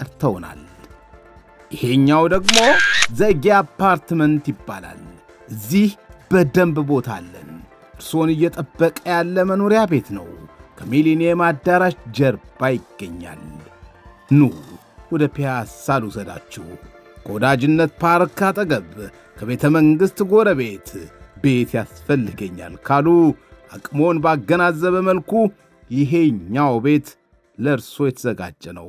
ጠርተውናል። ይሄኛው ደግሞ ዘጌ አፓርትመንት ይባላል። እዚህ በደንብ ቦታ አለን። እርሶን እየጠበቀ ያለ መኖሪያ ቤት ነው። ከሚሊኒየም አዳራሽ ጀርባ ይገኛል። ኑ ወደ ፒያሳ ልውሰዳችሁ። ከወዳጅነት ፓርክ አጠገብ ከቤተ መንግሥት ጎረቤት ቤት ያስፈልገኛል ካሉ አቅሞን ባገናዘበ መልኩ ይሄኛው ቤት ለእርሶ የተዘጋጀ ነው።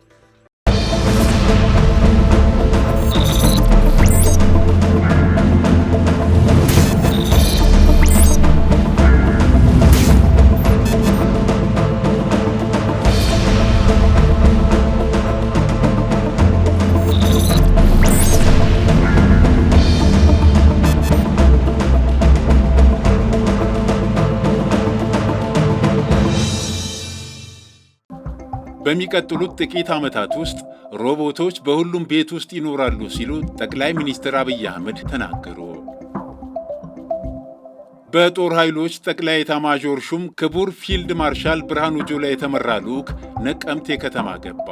በሚቀጥሉት ጥቂት ዓመታት ውስጥ ሮቦቶች በሁሉም ቤት ውስጥ ይኖራሉ ሲሉ ጠቅላይ ሚኒስትር አብይ አህመድ ተናገሩ። በጦር ኃይሎች ጠቅላይ ኤታማዦር ሹም ክቡር ፊልድ ማርሻል ብርሃኑ ጁላ የተመራ ልዑክ ነቀምቴ ከተማ ገባ።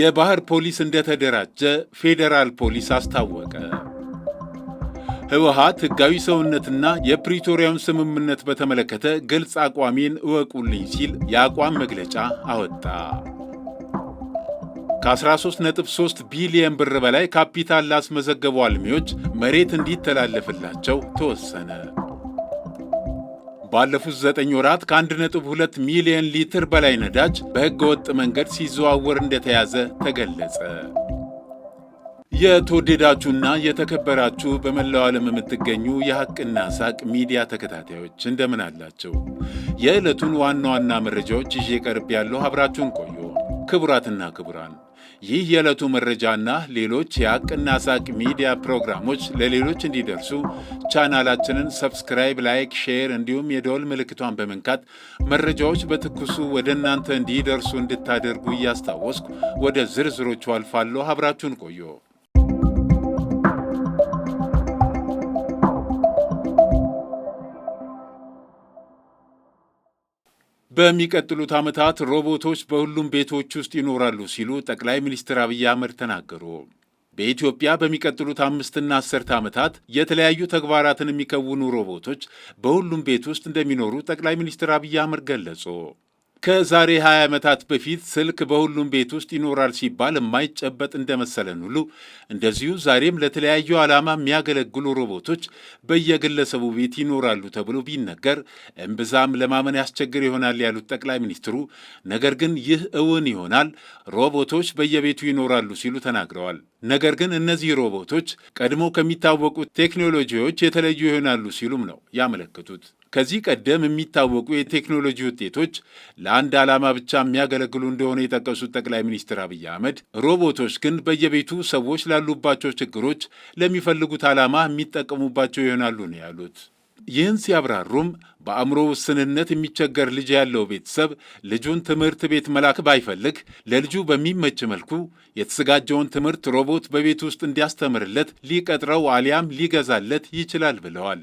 የባህር ፖሊስ እንደተደራጀ ፌዴራል ፖሊስ አስታወቀ። ህወሀት ህጋዊ ሰውነትና የፕሪቶሪያውን ስምምነት በተመለከተ ግልጽ አቋሜን እወቁልኝ ሲል የአቋም መግለጫ አወጣ። ከ13.3 ቢሊየን ብር በላይ ካፒታል ላስመዘገቡ አልሚዎች መሬት እንዲተላለፍላቸው ተወሰነ። ባለፉት 9 ወራት ከ1.2 ሚሊዮን ሊትር በላይ ነዳጅ በሕገ ወጥ መንገድ ሲዘዋወር እንደተያዘ ተገለጸ። የተወደዳችሁና የተከበራችሁ በመላው ዓለም የምትገኙ የሐቅና ሳቅ ሚዲያ ተከታታዮች እንደምን አላቸው? የዕለቱን ዋና ዋና መረጃዎች ይዤ ቀርብ ያለሁ አብራችሁን ቆዩ። ክቡራትና ክቡራን ይህ የዕለቱ መረጃና ሌሎች የሐቅና ሳቅ ሚዲያ ፕሮግራሞች ለሌሎች እንዲደርሱ ቻናላችንን ሰብስክራይብ፣ ላይክ፣ ሼር እንዲሁም የደወል ምልክቷን በመንካት መረጃዎች በትኩሱ ወደ እናንተ እንዲደርሱ እንድታደርጉ እያስታወስኩ ወደ ዝርዝሮቹ አልፋለሁ። አብራችሁን ቆዩ። በሚቀጥሉት ዓመታት ሮቦቶች በሁሉም ቤቶች ውስጥ ይኖራሉ ሲሉ ጠቅላይ ሚኒስትር አብይ አህመድ ተናገሩ። በኢትዮጵያ በሚቀጥሉት አምስትና አስርተ ዓመታት የተለያዩ ተግባራትን የሚከውኑ ሮቦቶች በሁሉም ቤት ውስጥ እንደሚኖሩ ጠቅላይ ሚኒስትር አብይ አህመድ ገለጹ። ከዛሬ 20 ዓመታት በፊት ስልክ በሁሉም ቤት ውስጥ ይኖራል ሲባል የማይጨበጥ እንደመሰለን ሁሉ እንደዚሁ ዛሬም ለተለያዩ ዓላማ የሚያገለግሉ ሮቦቶች በየግለሰቡ ቤት ይኖራሉ ተብሎ ቢነገር እምብዛም ለማመን ያስቸግር ይሆናል ያሉት ጠቅላይ ሚኒስትሩ፣ ነገር ግን ይህ እውን ይሆናል፣ ሮቦቶች በየቤቱ ይኖራሉ ሲሉ ተናግረዋል። ነገር ግን እነዚህ ሮቦቶች ቀድሞ ከሚታወቁት ቴክኖሎጂዎች የተለዩ ይሆናሉ ሲሉም ነው ያመለከቱት። ከዚህ ቀደም የሚታወቁ የቴክኖሎጂ ውጤቶች ለአንድ ዓላማ ብቻ የሚያገለግሉ እንደሆነ የጠቀሱት ጠቅላይ ሚኒስትር አብይ አህመድ ሮቦቶች ግን በየቤቱ ሰዎች ላሉባቸው ችግሮች ለሚፈልጉት ዓላማ የሚጠቀሙባቸው ይሆናሉ ነው ያሉት። ይህን ሲያብራሩም በአእምሮ ውስንነት የሚቸገር ልጅ ያለው ቤተሰብ ልጁን ትምህርት ቤት መላክ ባይፈልግ ለልጁ በሚመች መልኩ የተዘጋጀውን ትምህርት ሮቦት በቤት ውስጥ እንዲያስተምርለት ሊቀጥረው አሊያም ሊገዛለት ይችላል ብለዋል።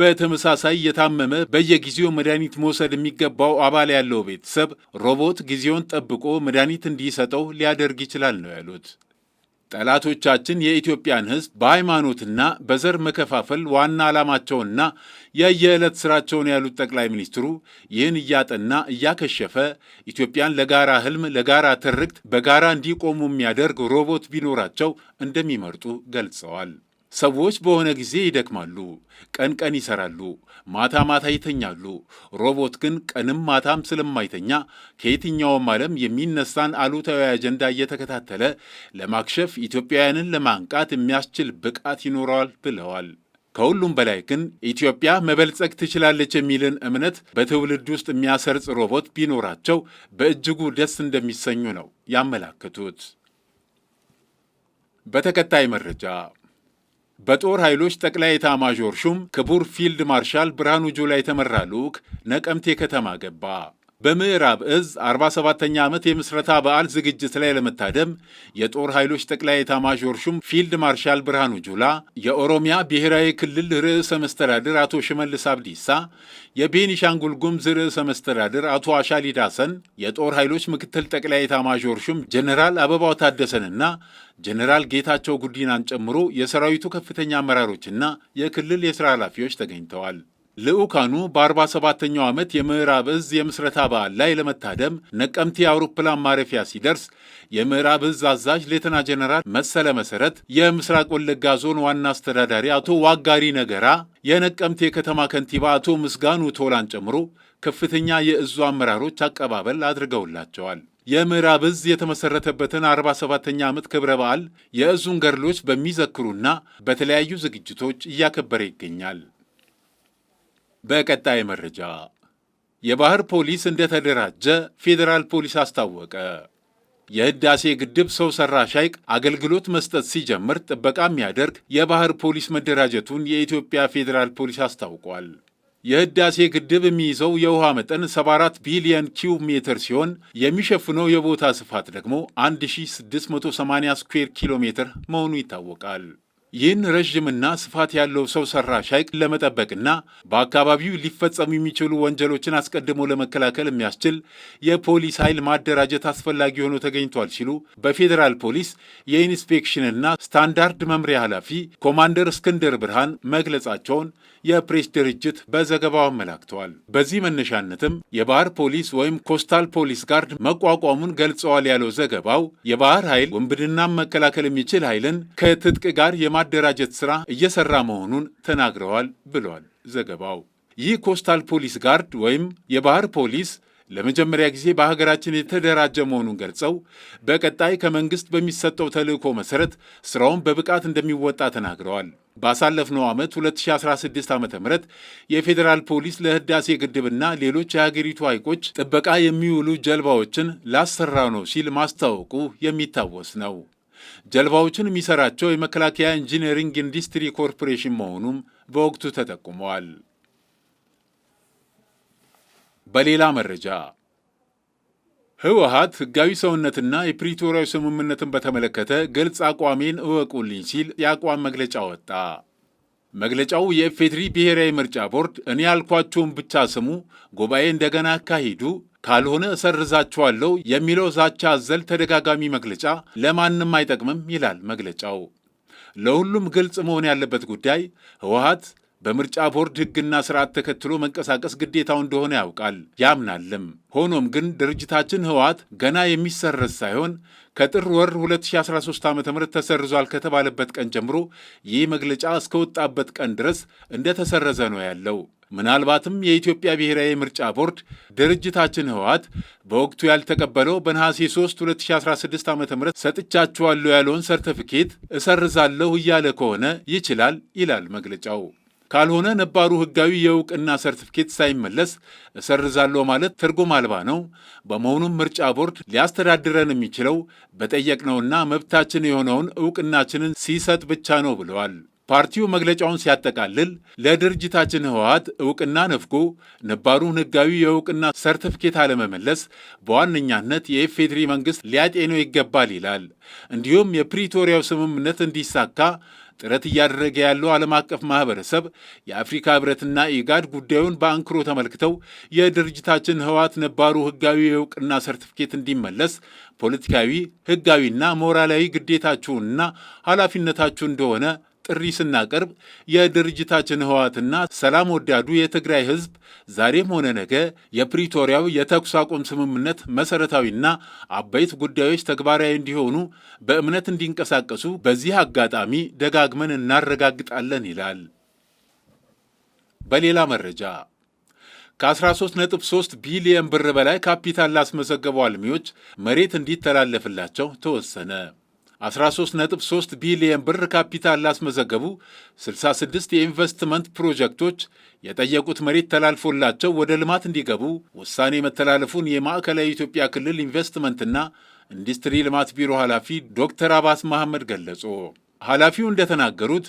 በተመሳሳይ የታመመ በየጊዜው መድኃኒት መውሰድ የሚገባው አባል ያለው ቤተሰብ ሮቦት ጊዜውን ጠብቆ መድኃኒት እንዲሰጠው ሊያደርግ ይችላል ነው ያሉት። ጠላቶቻችን የኢትዮጵያን ሕዝብ በሃይማኖትና በዘር መከፋፈል ዋና ዓላማቸውና የየዕለት ስራቸውን ያሉት ጠቅላይ ሚኒስትሩ ይህን እያጠና እያከሸፈ ኢትዮጵያን ለጋራ ህልም፣ ለጋራ ትርክት በጋራ እንዲቆሙ የሚያደርግ ሮቦት ቢኖራቸው እንደሚመርጡ ገልጸዋል። ሰዎች በሆነ ጊዜ ይደክማሉ፣ ቀን ቀን ይሰራሉ፣ ማታ ማታ ይተኛሉ። ሮቦት ግን ቀንም ማታም ስለማይተኛ ከየትኛውም ዓለም የሚነሳን አሉታዊ አጀንዳ እየተከታተለ ለማክሸፍ ኢትዮጵያውያንን ለማንቃት የሚያስችል ብቃት ይኖረዋል ብለዋል። ከሁሉም በላይ ግን ኢትዮጵያ መበልጸግ ትችላለች የሚልን እምነት በትውልድ ውስጥ የሚያሰርጽ ሮቦት ቢኖራቸው በእጅጉ ደስ እንደሚሰኙ ነው ያመላክቱት። በተከታይ መረጃ በጦር ኃይሎች ጠቅላይ ኤታማዦር ሹም ክቡር ፊልድ ማርሻል ብርሃኑ ጁላ የተመራ ልዑክ ነቀምቴ ከተማ ገባ። በምዕራብ እዝ 47ኛ ዓመት የምስረታ በዓል ዝግጅት ላይ ለመታደም የጦር ኃይሎች ጠቅላይ ኤታማዦር ሹም ፊልድ ማርሻል ብርሃኑ ጁላ፣ የኦሮሚያ ብሔራዊ ክልል ርዕሰ መስተዳድር አቶ ሽመልስ አብዲሳ፣ የቤኒሻንጉል ጉምዝ ርዕሰ መስተዳድር አቶ አሻሊ ዳሰን፣ የጦር ኃይሎች ምክትል ጠቅላይ ኤታማዦር ሹም ጀኔራል አበባው ታደሰንና ጀኔራል ጌታቸው ጉዲናን ጨምሮ የሰራዊቱ ከፍተኛ አመራሮችና የክልል የሥራ ኃላፊዎች ተገኝተዋል። ልዑካኑ በ47ኛው ዓመት የምዕራብ እዝ የምስረታ በዓል ላይ ለመታደም ነቀምቴ አውሮፕላን ማረፊያ ሲደርስ የምዕራብ እዝ አዛዥ ሌተና ጀነራል መሰለ መሰረት፣ የምስራቅ ወለጋ ዞን ዋና አስተዳዳሪ አቶ ዋጋሪ ነገራ፣ የነቀምቴ የከተማ ከንቲባ አቶ ምስጋኑ ቶላን ጨምሮ ከፍተኛ የእዙ አመራሮች አቀባበል አድርገውላቸዋል። የምዕራብ እዝ የተመሰረተበትን 47ኛ ዓመት ክብረ በዓል የእዙን ገድሎች በሚዘክሩና በተለያዩ ዝግጅቶች እያከበረ ይገኛል። በቀጣይ መረጃ የባህር ፖሊስ እንደተደራጀ ፌዴራል ፖሊስ አስታወቀ። የህዳሴ ግድብ ሰው ሰራሽ ሐይቅ አገልግሎት መስጠት ሲጀምር ጥበቃ የሚያደርግ የባህር ፖሊስ መደራጀቱን የኢትዮጵያ ፌዴራል ፖሊስ አስታውቋል። የህዳሴ ግድብ የሚይዘው የውሃ መጠን 74 ቢሊዮን ኪዩብ ሜትር ሲሆን የሚሸፍነው የቦታ ስፋት ደግሞ 1680 ስኩዌር ኪሎ ሜትር መሆኑ ይታወቃል። ይህን ረዥምና ስፋት ያለው ሰው ሰራሽ ሐይቅ ለመጠበቅና በአካባቢው ሊፈጸሙ የሚችሉ ወንጀሎችን አስቀድሞ ለመከላከል የሚያስችል የፖሊስ ኃይል ማደራጀት አስፈላጊ ሆኖ ተገኝቷል ሲሉ በፌዴራል ፖሊስ የኢንስፔክሽንና ስታንዳርድ መምሪያ ኃላፊ ኮማንደር እስክንድር ብርሃን መግለጻቸውን የፕሬስ ድርጅት በዘገባው አመላክተዋል። በዚህ መነሻነትም የባህር ፖሊስ ወይም ኮስታል ፖሊስ ጋርድ መቋቋሙን ገልጸዋል ያለው ዘገባው የባህር ኃይል ውንብድናን መከላከል የሚችል ኃይልን ከትጥቅ ጋር የማደራጀት ስራ እየሰራ መሆኑን ተናግረዋል ብሏል ዘገባው። ይህ ኮስታል ፖሊስ ጋርድ ወይም የባህር ፖሊስ ለመጀመሪያ ጊዜ በሀገራችን የተደራጀ መሆኑን ገልጸው በቀጣይ ከመንግስት በሚሰጠው ተልዕኮ መሰረት ስራውን በብቃት እንደሚወጣ ተናግረዋል። ባሳለፍነው ዓመት 2016 ዓ ም የፌዴራል ፖሊስ ለህዳሴ ግድብና ሌሎች የሀገሪቱ ሐይቆች ጥበቃ የሚውሉ ጀልባዎችን ላሰራ ነው ሲል ማስታወቁ የሚታወስ ነው። ጀልባዎችን የሚሰራቸው የመከላከያ ኢንጂነሪንግ ኢንዱስትሪ ኮርፖሬሽን መሆኑም በወቅቱ ተጠቁመዋል። በሌላ መረጃ ህወሀት ህጋዊ ሰውነትና የፕሪቶሪያዊ ስምምነትን በተመለከተ ግልጽ አቋሜን እወቁልኝ ሲል የአቋም መግለጫ ወጣ። መግለጫው የኢፌዴሪ ብሔራዊ ምርጫ ቦርድ እኔ ያልኳችሁን ብቻ ስሙ፣ ጉባኤ እንደገና አካሂዱ፣ ካልሆነ እሰርዛችኋለሁ የሚለው ዛቻ አዘል ተደጋጋሚ መግለጫ ለማንም አይጠቅምም ይላል መግለጫው። ለሁሉም ግልጽ መሆን ያለበት ጉዳይ ህወሀት በምርጫ ቦርድ ሕግና ስርዓት ተከትሎ መንቀሳቀስ ግዴታው እንደሆነ ያውቃል ያምናልም። ሆኖም ግን ድርጅታችን ህወሓት ገና የሚሰረዝ ሳይሆን ከጥር ወር 2013 ዓ ም ተሰርዟል ከተባለበት ቀን ጀምሮ ይህ መግለጫ እስከወጣበት ቀን ድረስ እንደተሰረዘ ነው ያለው። ምናልባትም የኢትዮጵያ ብሔራዊ ምርጫ ቦርድ ድርጅታችን ህወሓት በወቅቱ ያልተቀበለው በነሐሴ 3 2016 ዓ ም ሰጥቻችኋለሁ ያለውን ሰርተፊኬት እሰርዛለሁ እያለ ከሆነ ይችላል ይላል መግለጫው። ካልሆነ ነባሩ ሕጋዊ የእውቅና ሰርቲፊኬት ሳይመለስ እሰርዛለሁ ማለት ትርጉም አልባ ነው። በመሆኑም ምርጫ ቦርድ ሊያስተዳድረን የሚችለው በጠየቅነውና መብታችን የሆነውን እውቅናችንን ሲሰጥ ብቻ ነው ብለዋል። ፓርቲው መግለጫውን ሲያጠቃልል ለድርጅታችን ህወሓት እውቅና ነፍጎ ነባሩን ህጋዊ የእውቅና ሰርቲፊኬት አለመመለስ በዋነኛነት የኢፌዴሪ መንግስት ሊያጤነው ይገባል ይላል። እንዲሁም የፕሪቶሪያው ስምምነት እንዲሳካ ጥረት እያደረገ ያለው ዓለም አቀፍ ማህበረሰብ የአፍሪካ ህብረትና ኢጋድ ጉዳዩን በአንክሮ ተመልክተው የድርጅታችን ህወሓት ነባሩ ህጋዊ የእውቅና ሰርቲፊኬት እንዲመለስ ፖለቲካዊ፣ ህጋዊና ሞራላዊ ግዴታችሁንና ኃላፊነታችሁ እንደሆነ ጥሪ ስናቀርብ የድርጅታችን ህወሓትና ሰላም ወዳዱ የትግራይ ህዝብ ዛሬም ሆነ ነገ የፕሪቶሪያው የተኩስ አቁም ስምምነት መሰረታዊና አበይት ጉዳዮች ተግባራዊ እንዲሆኑ በእምነት እንዲንቀሳቀሱ በዚህ አጋጣሚ ደጋግመን እናረጋግጣለን ይላል። በሌላ መረጃ ከ13.3 ቢሊየን ብር በላይ ካፒታል ላስመዘገቡ አልሚዎች መሬት እንዲተላለፍላቸው ተወሰነ። 13.3 ቢሊየን ብር ካፒታል ላስመዘገቡ 66 የኢንቨስትመንት ፕሮጀክቶች የጠየቁት መሬት ተላልፎላቸው ወደ ልማት እንዲገቡ ውሳኔ መተላለፉን የማዕከላዊ ኢትዮጵያ ክልል ኢንቨስትመንትና ኢንዱስትሪ ልማት ቢሮ ኃላፊ ዶክተር አባስ መሐመድ ገለጹ። ኃላፊው እንደተናገሩት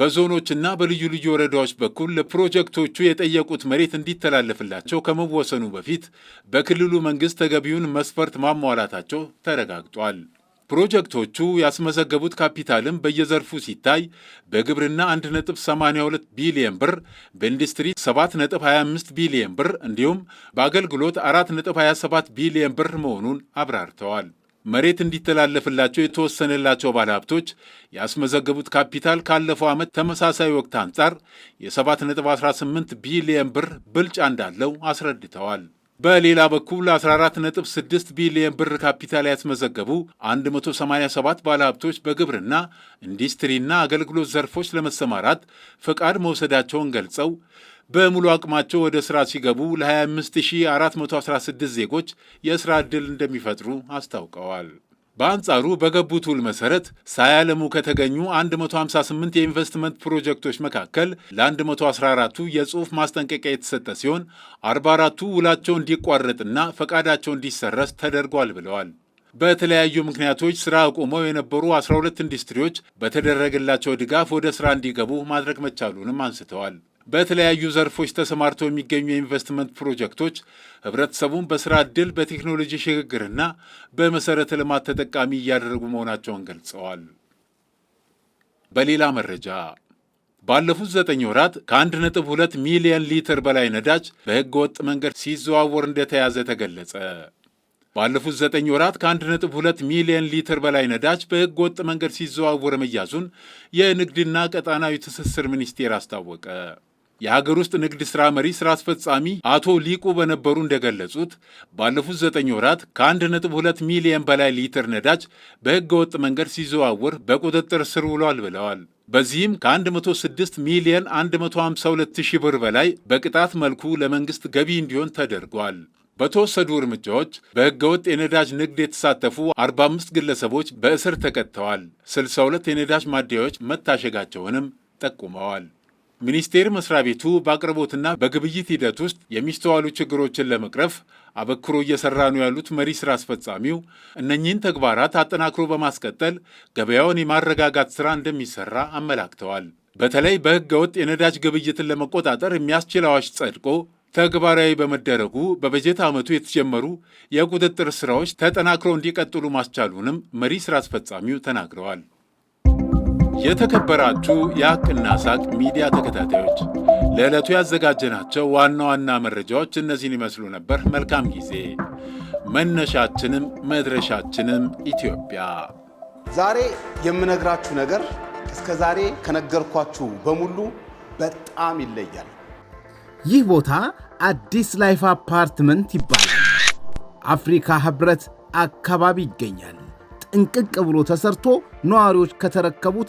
በዞኖችና በልዩ ልዩ ወረዳዎች በኩል ለፕሮጀክቶቹ የጠየቁት መሬት እንዲተላለፍላቸው ከመወሰኑ በፊት በክልሉ መንግሥት ተገቢውን መስፈርት ማሟላታቸው ተረጋግጧል። ፕሮጀክቶቹ ያስመዘገቡት ካፒታልም በየዘርፉ ሲታይ በግብርና 1.82 ቢሊየን ብር፣ በኢንዱስትሪ 7.25 ቢሊየን ብር እንዲሁም በአገልግሎት 4.27 ቢሊየን ብር መሆኑን አብራርተዋል። መሬት እንዲተላለፍላቸው የተወሰነላቸው ባለሀብቶች ያስመዘገቡት ካፒታል ካለፈው ዓመት ተመሳሳይ ወቅት አንጻር የ7.18 ቢሊየን ብር ብልጫ እንዳለው አስረድተዋል። በሌላ በኩል 14.6 ቢሊዮን ብር ካፒታል ያስመዘገቡ 187 ባለሀብቶች በግብርና ኢንዱስትሪና አገልግሎት ዘርፎች ለመሰማራት ፈቃድ መውሰዳቸውን ገልጸው በሙሉ አቅማቸው ወደ ሥራ ሲገቡ ለ25416 ዜጎች የሥራ ዕድል እንደሚፈጥሩ አስታውቀዋል። በአንጻሩ በገቡት ውል መሰረት ሳያለሙ ከተገኙ 158 የኢንቨስትመንት ፕሮጀክቶች መካከል ለ114ቱ የጽሑፍ ማስጠንቀቂያ የተሰጠ ሲሆን 44ቱ ውላቸው እንዲቋረጥና ፈቃዳቸው እንዲሰረስ ተደርጓል ብለዋል። በተለያዩ ምክንያቶች ስራ አቁመው የነበሩ 12 ኢንዱስትሪዎች በተደረገላቸው ድጋፍ ወደ ስራ እንዲገቡ ማድረግ መቻሉንም አንስተዋል። በተለያዩ ዘርፎች ተሰማርተው የሚገኙ የኢንቨስትመንት ፕሮጀክቶች ህብረተሰቡን በስራ ዕድል፣ በቴክኖሎጂ ሽግግርና በመሰረተ ልማት ተጠቃሚ እያደረጉ መሆናቸውን ገልጸዋል። በሌላ መረጃ ባለፉት ዘጠኝ ወራት ከ1.2 ሚሊዮን ሊትር በላይ ነዳጅ በሕገ ወጥ መንገድ ሲዘዋወር እንደተያዘ ተገለጸ። ባለፉት ዘጠኝ ወራት ከ1.2 ሚሊዮን ሊትር በላይ ነዳጅ በሕገ ወጥ መንገድ ሲዘዋወር መያዙን የንግድና ቀጣናዊ ትስስር ሚኒስቴር አስታወቀ። የሀገር ውስጥ ንግድ ሥራ መሪ ሥራ አስፈጻሚ አቶ ሊቁ በነበሩ እንደገለጹት ባለፉት ዘጠኝ ወራት ከ ሁለት ሚሊየን በላይ ሊትር ነዳጅ በሕገ ወጥ መንገድ ሲዘዋወር በቁጥጥር ስር ውሏል ብለዋል። በዚህም ከ106 ሚሊየን 152 ሺህ ብር በላይ በቅጣት መልኩ ለመንግሥት ገቢ እንዲሆን ተደርጓል። በተወሰዱ እርምጃዎች ወጥ የነዳጅ ንግድ የተሳተፉ 45 ግለሰቦች በእስር ተቀጥተዋል። 62 የነዳጅ ማደያዎች መታሸጋቸውንም ጠቁመዋል። ሚኒስቴር መስሪያ ቤቱ በአቅርቦትና በግብይት ሂደት ውስጥ የሚስተዋሉ ችግሮችን ለመቅረፍ አበክሮ እየሰራ ነው ያሉት መሪ ስራ አስፈጻሚው እነኚህን ተግባራት አጠናክሮ በማስቀጠል ገበያውን የማረጋጋት ስራ እንደሚሰራ አመላክተዋል። በተለይ በህገ ወጥ የነዳጅ ግብይትን ለመቆጣጠር የሚያስችል አዋጅ ጸድቆ ተግባራዊ በመደረጉ በበጀት ዓመቱ የተጀመሩ የቁጥጥር ስራዎች ተጠናክረው እንዲቀጥሉ ማስቻሉንም መሪ ስራ አስፈጻሚው ተናግረዋል። የተከበራችሁ የሐቅና ሳቅ ሚዲያ ተከታታዮች ለዕለቱ ያዘጋጀናቸው ዋና ዋና መረጃዎች እነዚህን ይመስሉ ነበር። መልካም ጊዜ። መነሻችንም መድረሻችንም ኢትዮጵያ። ዛሬ የምነግራችሁ ነገር እስከ ዛሬ ከነገርኳችሁ በሙሉ በጣም ይለያል። ይህ ቦታ አዲስ ላይፍ አፓርትመንት ይባላል። አፍሪካ ህብረት አካባቢ ይገኛል። ጥንቅቅ ብሎ ተሰርቶ ነዋሪዎች ከተረከቡት